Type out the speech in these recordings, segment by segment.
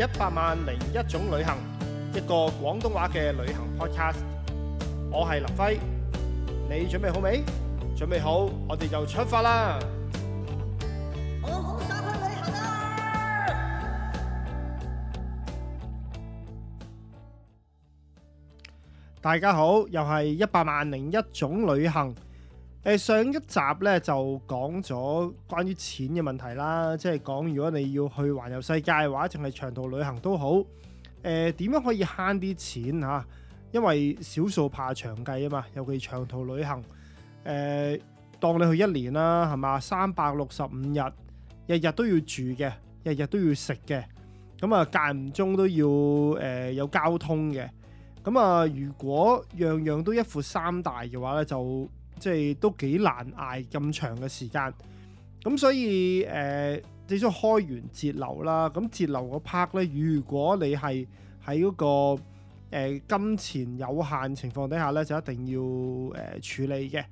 一百萬零一種旅行，一個廣東話嘅旅行 Podcast。我係林輝，你準備好未？準備好，我哋就出發啦！我好想去旅行啊！大家好，又係一百萬零一種旅行。誒上一集咧就講咗關於錢嘅問題啦，即係講如果你要去環遊世界嘅話，淨係長途旅行都好。誒、呃、點樣可以慳啲錢吓？因為少數怕長計啊嘛，尤其長途旅行誒、呃。當你去一年啦，係嘛三百六十五日，日日都要住嘅，日日都要食嘅，咁、嗯、啊間唔中都要、呃、有交通嘅。咁、嗯、啊、呃，如果樣樣都一闊三大嘅話咧，就～即係都幾難捱咁長嘅時間，咁所以誒、呃，至少開源節流啦。咁節流個 part 咧，如果你係喺嗰個、呃、金錢有限情況底下咧，就一定要誒、呃、處理嘅。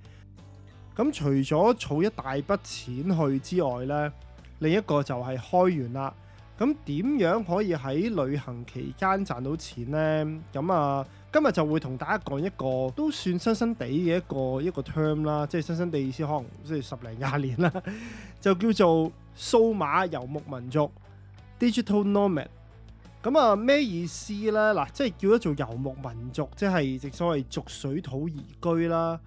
咁除咗儲一大筆錢去之外咧，另一個就係開源啦。咁點樣可以喺旅行期間賺到錢咧？咁啊～、呃今日就會同大家講一個都算新新地嘅一個一個 term 啦，即係新新地意思，可能即係十零廿年啦，就叫做數碼遊牧民族 （digital nomad）。咁啊，咩意思咧？嗱，即係叫做遊牧民族，即係正所謂逐水土而居啦。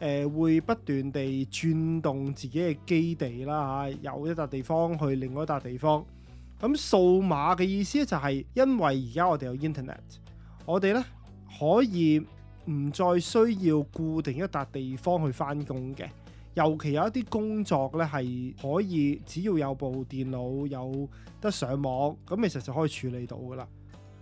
誒，會不斷地轉動自己嘅基地啦，嚇，由一笪地方去另外一笪地方。咁數碼嘅意思咧，就係因為而家我哋有 internet，我哋咧。可以唔再需要固定一笪地方去翻工嘅，尤其有一啲工作咧，係可以，只要有部電腦，有得上網，咁其實就可以處理到噶啦。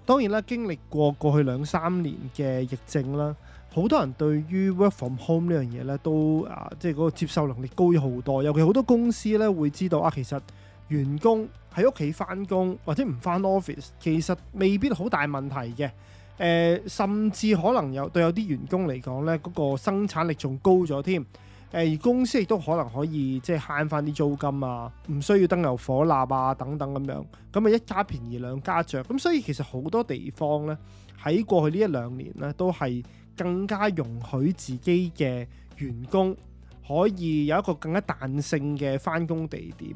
當然啦，經歷過過去兩三年嘅疫症啦，好多人對於 work from home 呢樣嘢咧都啊，即係嗰個接受能力高咗好多。尤其好多公司咧會知道啊，其實員工喺屋企翻工或者唔翻 office，其實未必好大問題嘅。誒、呃，甚至可能有對有啲員工嚟講呢，嗰、嗰個生產力仲高咗添。誒、呃，而公司亦都可能可以即係慳翻啲租金啊，唔需要燈油火蠟啊，等等咁樣。咁啊，一家便宜兩家著。咁所以其實好多地方呢，喺過去呢一兩年呢，都係更加容許自己嘅員工可以有一個更加彈性嘅翻工地點。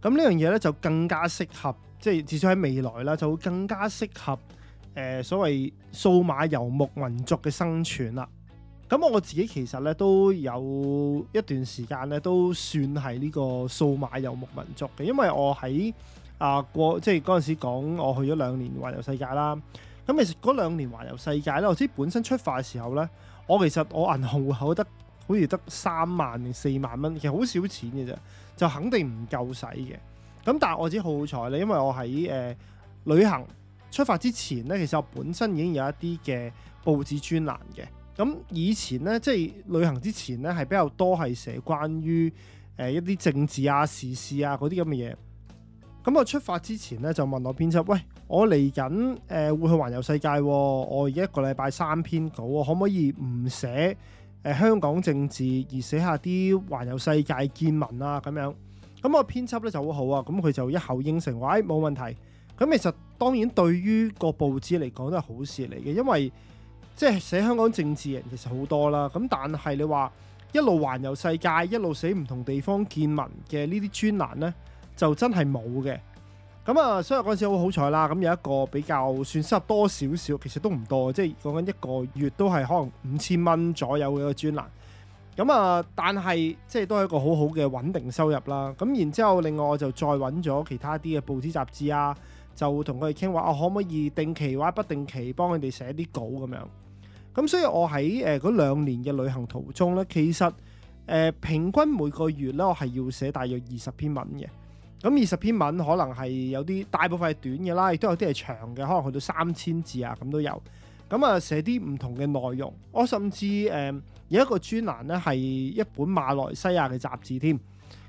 咁呢樣嘢呢，就更加適合，即係至少喺未來啦，就會更加適合。誒、呃、所謂數碼遊牧民族嘅生存啦，咁我自己其實咧都有一段時間咧都算係呢個數碼遊牧民族嘅。因為我喺啊過即係嗰陣時講我去咗兩年環遊世界啦，咁其實嗰兩年環遊世界咧，我知本身出發嘅時候咧，我其實我銀行戶口得好似得三萬四萬蚊，其實好少錢嘅啫，就肯定唔夠使嘅。咁但係我知好好彩咧，因為我喺、呃、旅行。出發之前咧，其實我本身已經有一啲嘅報紙專欄嘅。咁以前咧，即係旅行之前咧，係比較多係寫關於誒、呃、一啲政治啊、時事啊嗰啲咁嘅嘢。咁我出發之前咧，就問我編輯：「喂，我嚟緊誒會去環遊世界、啊，我而家一個禮拜三篇稿，我可唔可以唔寫誒、呃、香港政治，而寫下啲環遊世界見聞啊？咁樣。咁我編輯咧就好好啊，咁佢就一口應承，喂，冇、哎、問題。咁其實。當然，對於個報紙嚟講都係好事嚟嘅，因為即係寫香港政治人其實好多啦。咁但係你話一路環遊世界，一路寫唔同地方見聞嘅呢啲專欄呢，就真係冇嘅。咁啊，所以嗰陣時好好彩啦。咁有一個比較算收入多少少，其實都唔多，即係講緊一個月都係可能五千蚊左右嘅專欄。咁啊，但係即係都係一個好好嘅穩定收入啦。咁然之後，另外我就再揾咗其他啲嘅報紙雜誌啊。就同佢哋傾話，我可唔可以定期或者不定期幫佢哋寫啲稿咁樣咁。所以，我喺嗰兩年嘅旅行途中呢，其實平均每個月呢，我係要寫大約二十篇文嘅。咁二十篇文可能係有啲大部分係短嘅啦，亦都有啲係長嘅，可能去到三千字啊，咁都有咁啊。寫啲唔同嘅內容，我甚至誒有一個專欄呢，係一本馬來西亞嘅雜誌添。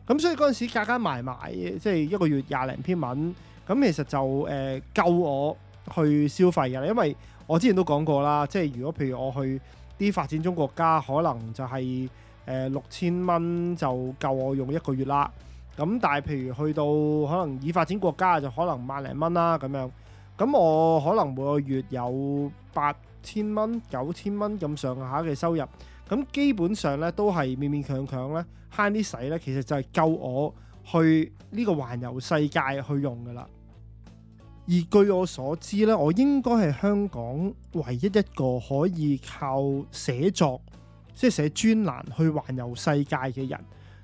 咁所以嗰陣時，夾夾埋埋即係一個月廿零篇文。咁其實就誒夠、呃、我去消費嘅，因為我之前都講過啦，即係如果譬如我去啲發展中國家，可能就係、是、誒、呃、六千蚊就夠我用一個月啦。咁但係譬如去到可能已發展國家就可能萬零蚊啦咁樣，咁我可能每個月有八千蚊、九千蚊咁上下嘅收入，咁基本上咧都係勉勉強強咧慳啲使咧，其實就係夠我。去呢個環遊世界去用㗎喇。而據我所知呢，我應該係香港唯一一個可以靠寫作，即係寫專欄去環遊世界嘅人。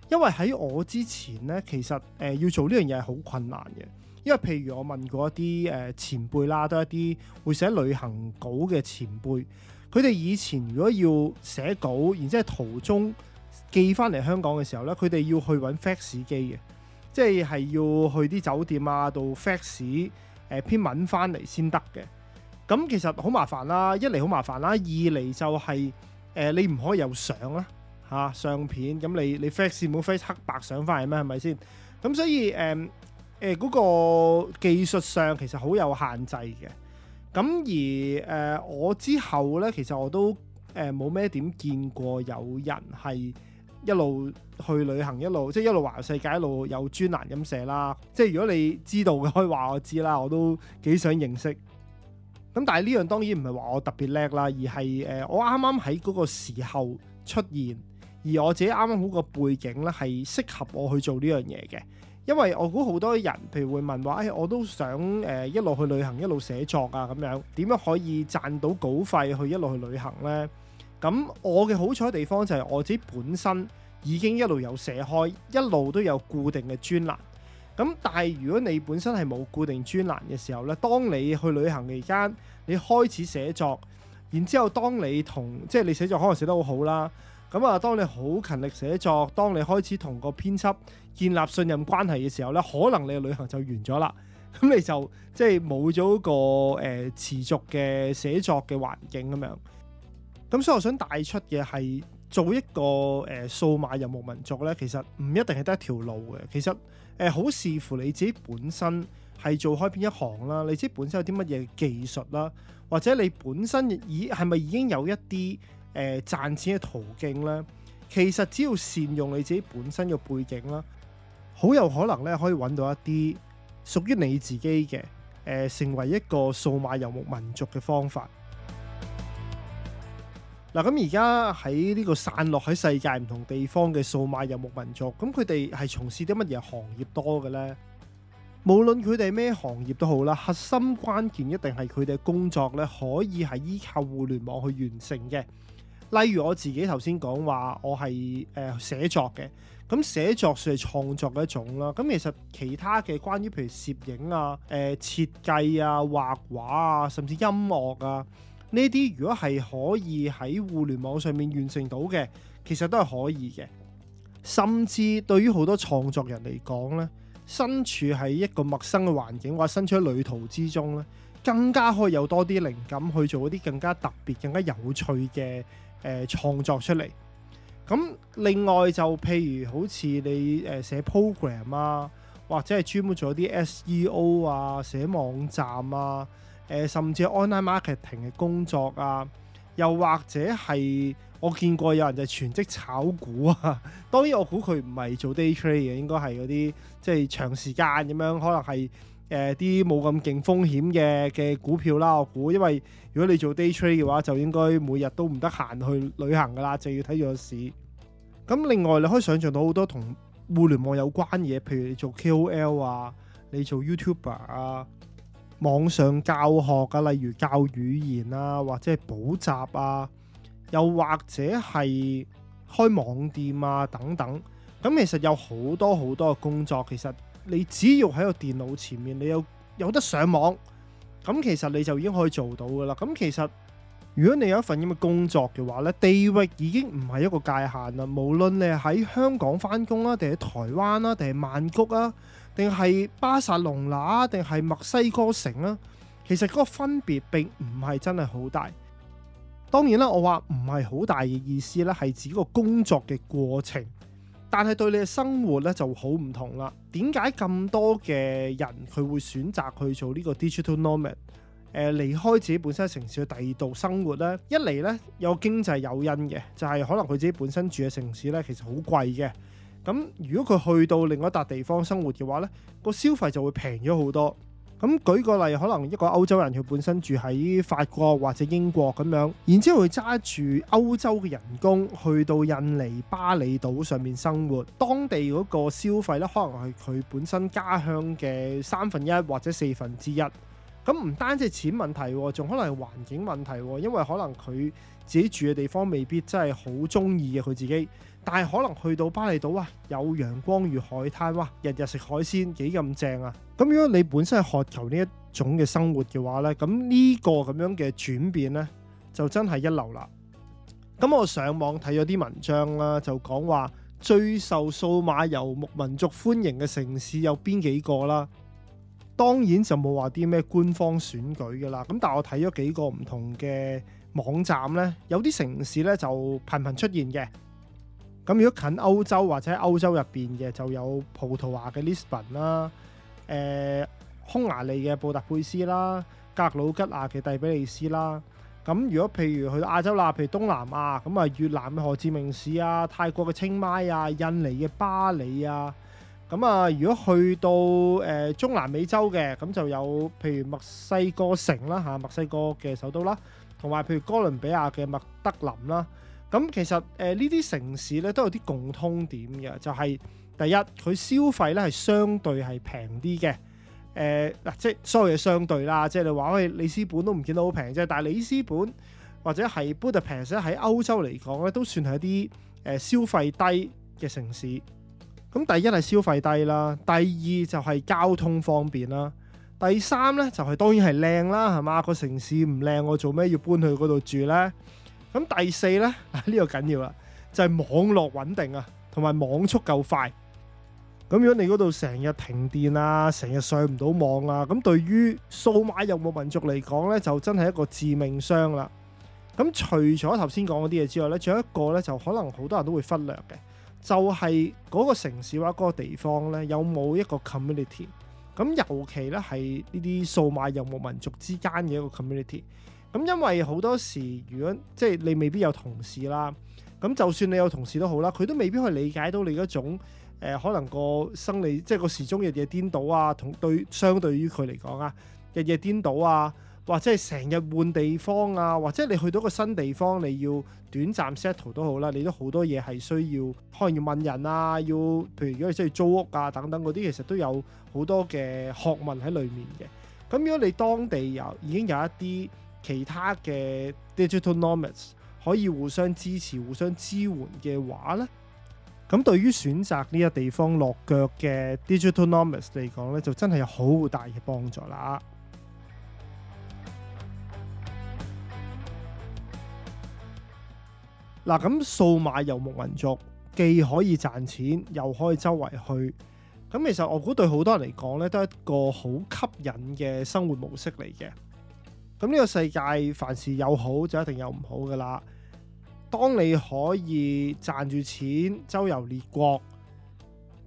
因為喺我之前呢，其實誒要做呢樣嘢係好困難嘅。因為譬如我問過一啲誒前輩啦，都係一啲會寫旅行稿嘅前輩，佢哋以前如果要寫稿，然之後途中寄翻嚟香港嘅時候呢，佢哋要去揾 fax 機嘅。即係要去啲酒店啊度 fax 誒篇文翻嚟先得嘅，咁、呃、其實好麻煩啦，一嚟好麻煩啦，二嚟就係、是呃、你唔可以有相啦嚇、啊、相片，咁你你 fax 冇 fax 黑白相翻嚟咩？係咪先？咁所以誒誒嗰個技術上其實好有限制嘅，咁而、呃、我之後咧，其實我都冇咩點見過有人係。一路去旅行，一路即係一路環遊世界，一路有專欄咁寫啦。即係如果你知道嘅，可以話我知啦，我都幾想認識。咁但係呢樣當然唔係話我特別叻啦，而係誒我啱啱喺嗰個時候出現，而我自己啱啱好個背景咧係適合我去做呢樣嘢嘅。因為我估好多人，譬如會問話誒我都想誒、呃、一路去旅行，一路寫作啊咁樣，點樣可以賺到稿費去一路去旅行咧？咁我嘅好彩地方就係我自己本身已經一路有寫開，一路都有固定嘅專欄。咁但係如果你本身係冇固定專欄嘅時候呢，當你去旅行期間，你開始寫作，然之後當你同即係你寫作可能寫得好好啦，咁啊當你好勤力寫作，當你開始同個編輯建立信任關係嘅時候呢，可能你嘅旅行就完咗啦。咁你就即係冇咗個誒、呃、持續嘅寫作嘅環境咁樣。咁所以我想帶出嘅係做一個誒、呃、數碼遊牧民族咧，其實唔一定係得一條路嘅。其實誒好、呃、視乎你自己本身係做開邊一行啦，你自己本身有啲乜嘢技術啦，或者你本身已係咪已經有一啲誒、呃、賺錢嘅途徑咧？其實只要善用你自己本身嘅背景啦，好有可能咧可以揾到一啲屬於你自己嘅誒、呃，成為一個數碼遊牧民族嘅方法。嗱，咁而家喺呢個散落喺世界唔同地方嘅數碼遊牧民族，咁佢哋係從事啲乜嘢行業多嘅呢？無論佢哋咩行業都好啦，核心關鍵一定係佢哋工作咧，可以係依靠互聯網去完成嘅。例如我自己頭先講話，我係誒寫作嘅，咁寫作算係創作嘅一種啦。咁其實其他嘅關於譬如攝影啊、誒設計啊、畫畫啊，甚至音樂啊。呢啲如果係可以喺互聯網上面完成到嘅，其實都係可以嘅。甚至對於好多創作人嚟講咧，身處喺一個陌生嘅環境或者身處喺旅途之中咧，更加可以有多啲靈感去做一啲更加特別、更加有趣嘅誒、呃、創作出嚟。咁另外就譬如好似你誒寫 program 啊，或者係專門做一啲 SEO 啊，寫網站啊。呃、甚至 online marketing 嘅工作啊，又或者係我見過有人就全職炒股啊。當然我估佢唔係做 day trade 嘅，應該係嗰啲即係長時間咁樣，可能係誒啲冇咁勁風險嘅嘅股票啦。我估因為如果你做 day trade 嘅話，就應該每日都唔得閒去旅行噶啦，就要睇住個市。咁另外你可以想像到好多同互聯網有關嘅嘢，譬如你做 KOL 啊，你做 YouTuber 啊。網上教學啊，例如教語言啊，或者係補習啊，又或者係開網店啊等等。咁其實有好多好多嘅工作，其實你只要喺個電腦前面，你有有得上網，咁其實你就已經可以做到㗎喇。咁其實如果你有一份咁嘅工作嘅話呢，地域已經唔係一個界限啦。無論你喺香港返工啦，定係台灣啦，定係曼谷啊。定係巴塞隆拿，定係墨西哥城啊？其實嗰個分別並唔係真係好大。當然啦，我話唔係好大嘅意思咧，係指個工作嘅過程，但係對你嘅生活咧就好唔同啦。點解咁多嘅人佢會選擇去做呢個 digital nomad？誒、呃，離開自己本身城市嘅第二度生活咧？一嚟咧有經濟誘因嘅，就係、是、可能佢自己本身住嘅城市咧其實好貴嘅。咁如果佢去到另一笪地方生活嘅話呢，呢個消費就會平咗好多。咁舉個例，可能一個歐洲人佢本身住喺法國或者英國咁樣，然之後佢揸住歐洲嘅人工去到印尼巴厘島上面生活，當地嗰個消費呢，可能係佢本身家鄉嘅三分一或者四分之一。咁唔單止係錢問題喎，仲可能係環境問題喎，因為可能佢自己住嘅地方未必真係好中意嘅佢自己。但係可能去到巴厘島啊，有陽光與海灘哇，日日食海鮮幾咁正啊！咁如果你本身係渴求呢一種嘅生活嘅話呢，咁呢個咁樣嘅轉變呢，就真係一流啦。咁我上網睇咗啲文章啦，就講話最受數碼遊牧民族歡迎嘅城市有邊幾個啦？當然就冇話啲咩官方選舉㗎啦。咁但係我睇咗幾個唔同嘅網站呢，有啲城市呢，就頻頻出現嘅。咁如果近歐洲或者喺歐洲入邊嘅，就有葡萄牙嘅里斯本啦，誒匈牙利嘅布達佩斯啦、格魯吉亞嘅第比利斯啦。咁如果譬如去到亞洲啦，譬如東南亞，咁啊，越南嘅胡志明市啊、泰國嘅清邁啊、印尼嘅巴里啊。咁啊，如果去到誒中南美洲嘅，咁就有譬如墨西哥城啦吓，墨西哥嘅首都啦，同埋譬如哥倫比亞嘅麥德林啦。咁其實誒呢啲城市咧都有啲共通點嘅，就係、是、第一佢消費咧係相對係平啲嘅，誒、呃、嗱即係所謂嘅相對啦，即係你話喂里斯本都唔見到好平啫，但係里斯本或者係布拉格咧喺歐洲嚟講咧都算係一啲誒、呃、消費低嘅城市。咁第一係消費低啦，第二就係交通方便啦，第三咧就係、是、當然係靚啦，係嘛，個城市唔靚我做咩要搬去嗰度住咧？咁第四呢，呢個緊要啦，就係網絡穩定啊，同埋網速夠快。咁如果你嗰度成日停電啊，成日上唔到網啊，咁對於數碼遊牧民族嚟講呢，就真係一個致命傷啦。咁除咗頭先講嗰啲嘢之外呢，仲有一個呢，就可能好多人都會忽略嘅，就係嗰個城市或者嗰個地方呢，有冇一個 community。咁尤其呢，係呢啲數碼遊牧民族之間嘅一個 community。咁因為好多時，如果即係你未必有同事啦，咁就算你有同事都好啦，佢都未必去理解到你嗰種、呃、可能個生理，即係個時鐘日夜顛倒啊。同對相對於佢嚟講啊，日夜顛倒啊，或者係成日換地方啊，或者你去到個新地方，你要短暫 settle 都好啦，你都好多嘢係需要可能要問人啊，要譬如如果你真係租屋啊等等嗰啲，其實都有好多嘅學問喺裏面嘅。咁如果你當地有已經有一啲其他嘅 digital nomads 可以互相支持、互相支援嘅話呢，咁對於選擇呢一地方落腳嘅 digital nomads 嚟講呢，就真係有好大嘅幫助啦。嗱，咁數碼遊牧民族既可以賺錢，又可以周圍去，咁其實我估對好多人嚟講呢都係一個好吸引嘅生活模式嚟嘅。咁、這、呢個世界凡事有好就一定有唔好噶啦。當你可以賺住錢周遊列國，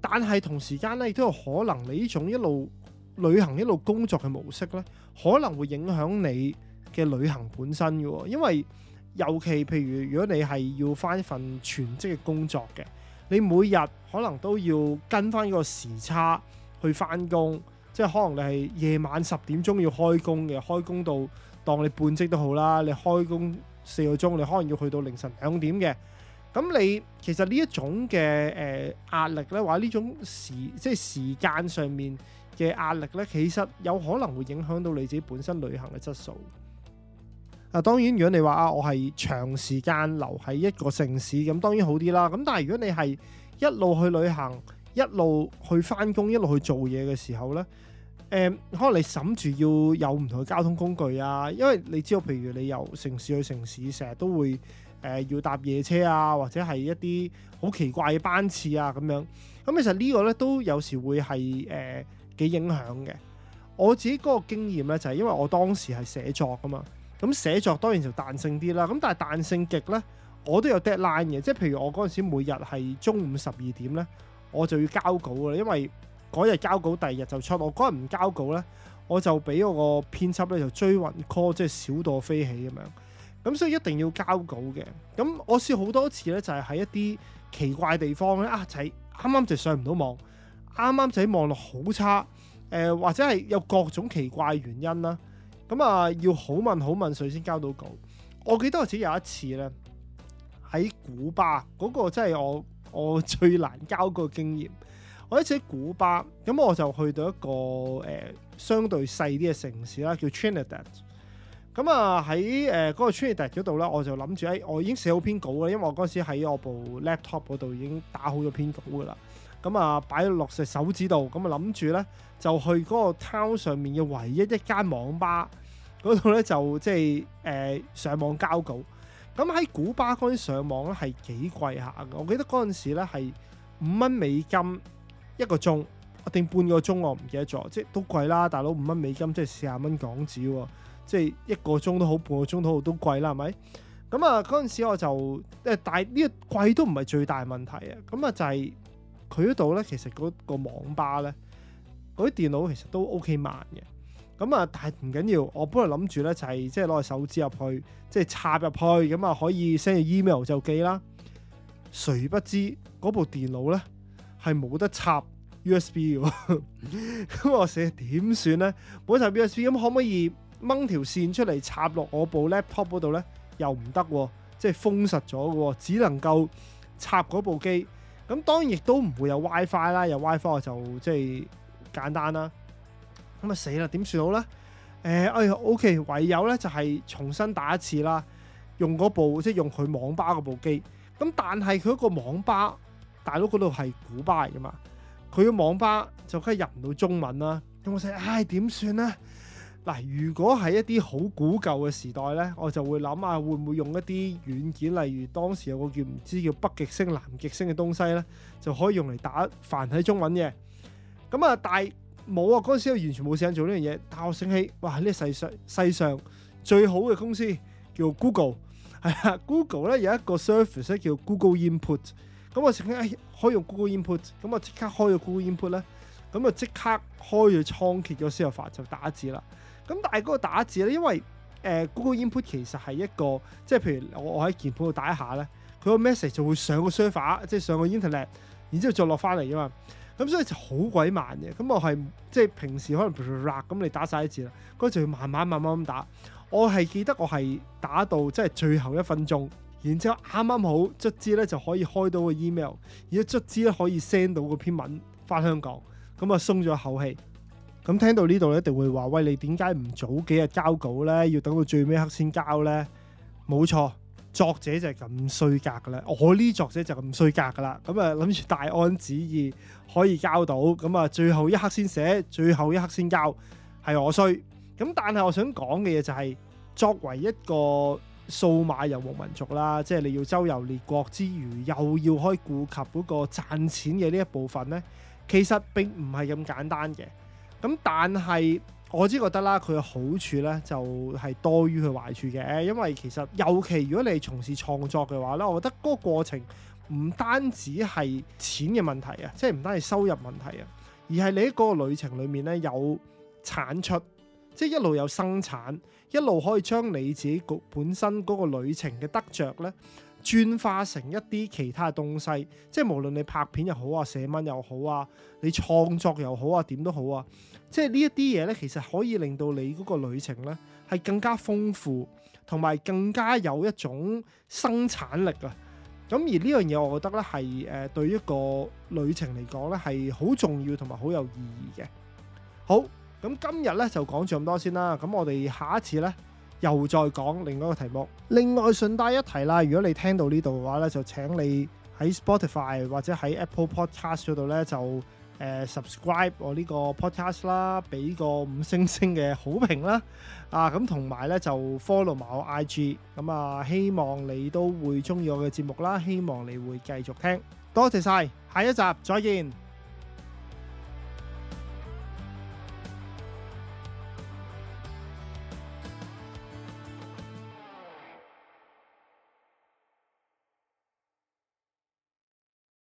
但係同時間咧，亦都有可能你呢種一路旅行一路工作嘅模式咧，可能會影響你嘅旅行本身嘅喎。因為尤其譬如如果你係要返一份全職嘅工作嘅，你每日可能都要跟返個時差去返工。即係可能你係夜晚十點鐘要開工嘅，開工到當你半職都好啦，你開工四個鐘，你可能要去到凌晨兩點嘅。咁你其實呢一種嘅誒壓力呢，或者呢種時即係時間上面嘅壓力呢，其實有可能會影響到你自己本身旅行嘅質素。啊，當然如果你話啊，我係長時間留喺一個城市，咁當然好啲啦。咁但係如果你係一路去旅行，一路去翻工，一路去做嘢嘅時候呢。誒、嗯，可能你審住要有唔同嘅交通工具啊，因為你知道，譬如你由城市去城市，成日都會誒、呃、要搭夜車啊，或者係一啲好奇怪嘅班次啊咁樣。咁、嗯、其實這個呢個咧都有時會係誒幾影響嘅。我自己嗰個經驗咧就係、是、因為我當時係寫作噶嘛，咁寫作當然就彈性啲啦。咁但係彈性極咧，我都有 deadline 嘅，即係譬如我嗰陣時每日係中午十二點咧，我就要交稿啦，因為。嗰日交稿，第二日就出。我嗰日唔交稿呢，我就俾我個編輯咧就追魂 call，即係小到飛起咁樣。咁所以一定要交稿嘅。咁我試好多次呢，就係、是、喺一啲奇怪地方呢啊，就啱啱就上唔到網，啱啱就喺網絡好差、呃，或者係有各種奇怪原因啦。咁啊，要好問好問水先交到稿。我記得我自己有一次呢，喺古巴，嗰、那個真係我我最難交個經驗。我一次喺古巴，咁我就去到一個、呃、相對細啲嘅城市啦，叫 Trinidad。咁啊喺嗰個 Trinidad 嗰度咧，我就諗住誒，我已經寫好篇稿啦，因為我嗰時喺我部 laptop 嗰度已經打好咗篇稿噶啦。咁啊擺落隻手指度，咁啊諗住咧就去嗰個 town 上面嘅唯一一間網吧嗰度咧，就即係、呃、上網交稿。咁喺古巴嗰陣上網咧係幾貴下㗎。我記得嗰陣時咧係五蚊美金。一個鐘，定半個鐘，我唔記得咗，即係都貴啦，大佬五蚊美金，即係四十蚊港紙，即係一個鐘都好，半個鐘都好，都貴啦，係咪？咁啊，嗰陣時我就，誒，但係呢個貴都唔係最大問題啊，咁啊就係佢度咧，其實嗰個網吧咧，嗰啲電腦其實都 OK 慢嘅。咁啊，但係唔緊要，我本來諗住咧就係即係攞個手指入去，即係插入去，咁啊可以 send email 就寄啦。誰不知嗰部電腦咧，係冇得插 USB 嘅，咁我死啊！點算呢？冇得插 USB，咁可唔可以掹條線出嚟插落我部 laptop 嗰度呢？又唔得，即係封實咗嘅，只能夠插嗰部機。咁當然亦都唔會有 WiFi 啦，有 WiFi 我就即係簡單啦。咁啊死啦，點算好呢？誒、哎，哎呀，OK，唯有呢就係重新打一次啦。用嗰部即係用佢網吧嗰部機。咁但係佢一個網吧。大佬嗰度係古巴嚟噶嘛？佢嘅網吧就梗係入唔到中文啦。咁我唉，點算呢？嗱，如果係一啲好古舊嘅時代呢，我就會諗下會唔會用一啲軟件，例如當時有個叫唔知叫北極星、南極星嘅東西呢，就可以用嚟打繁體中文嘅。咁啊，但係冇啊，嗰陣時我完全冇時間做呢樣嘢。但我醒起，哇！呢世上世上最好嘅公司叫 Google，係啊，Google 呢有一個 service 叫 Google Input。咁我即刻可以用 Google Input，咁我即刻開咗 Google Input 咧，咁啊即刻開咗倉頡輸入法就打字啦。咁但係嗰個打字咧，因為、呃、Google Input 其實係一個，即係譬如我我喺鍵盤度打一下咧，佢個 message 就會上個 server，即係上個 internet，然之後再落翻嚟嘅嘛。咁所以就好鬼慢嘅。咁我係即係平時可能咁你打晒啲字啦，嗰個就要慢慢慢慢咁打。我係記得我係打到即係最後一分鐘。然之後啱啱好卒之咧就可以開到個 email，而家卒之咧可以 send 到嗰篇文翻香港，咁啊鬆咗一口氣。咁聽到呢度咧，一定會話：喂，你點解唔早幾日交稿呢？要等到最尾一刻先交呢？冇錯，作者就係咁衰格噶啦。我呢作者就咁衰格噶啦。咁啊諗住大安旨意可以交到，咁啊最後一刻先寫，最後一刻先交，係我衰。咁但係我想講嘅嘢就係作為一個，數碼遊牧民族啦，即係你要周遊列國之餘，又要可以顧及嗰個賺錢嘅呢一部分呢，其實並唔係咁簡單嘅。咁但係我只覺得啦，佢嘅好處呢就係多於佢壞處嘅，因為其實尤其如果你係從事創作嘅話呢，我覺得嗰個過程唔單止係錢嘅問題啊，即係唔單係收入問題啊，而係你喺嗰個旅程裡面呢，有產出。即係一路有生產，一路可以將你自己嗰本身嗰個旅程嘅得着咧，轉化成一啲其他嘅東西。即係無論你拍片又好啊，寫文又好啊，你創作又好啊，點都好啊。即係呢一啲嘢咧，其實可以令到你嗰個旅程咧係更加豐富，同埋更加有一種生產力啊。咁而呢樣嘢，我覺得咧係誒，對一個旅程嚟講咧係好重要，同埋好有意義嘅。好。咁今日咧就講住咁多先啦。咁我哋下一次咧又再講另外一個題目。另外順帶一提啦，如果你聽到呢度嘅話咧，就請你喺 Spotify 或者喺 Apple Podcast 嗰度咧就誒 subscribe 我呢個 podcast 啦，俾個五星星嘅好評啦。啊，咁同埋咧就 follow 埋我 IG。咁啊，希望你都會中意我嘅節目啦，希望你會繼續聽。多謝晒，下一集再見。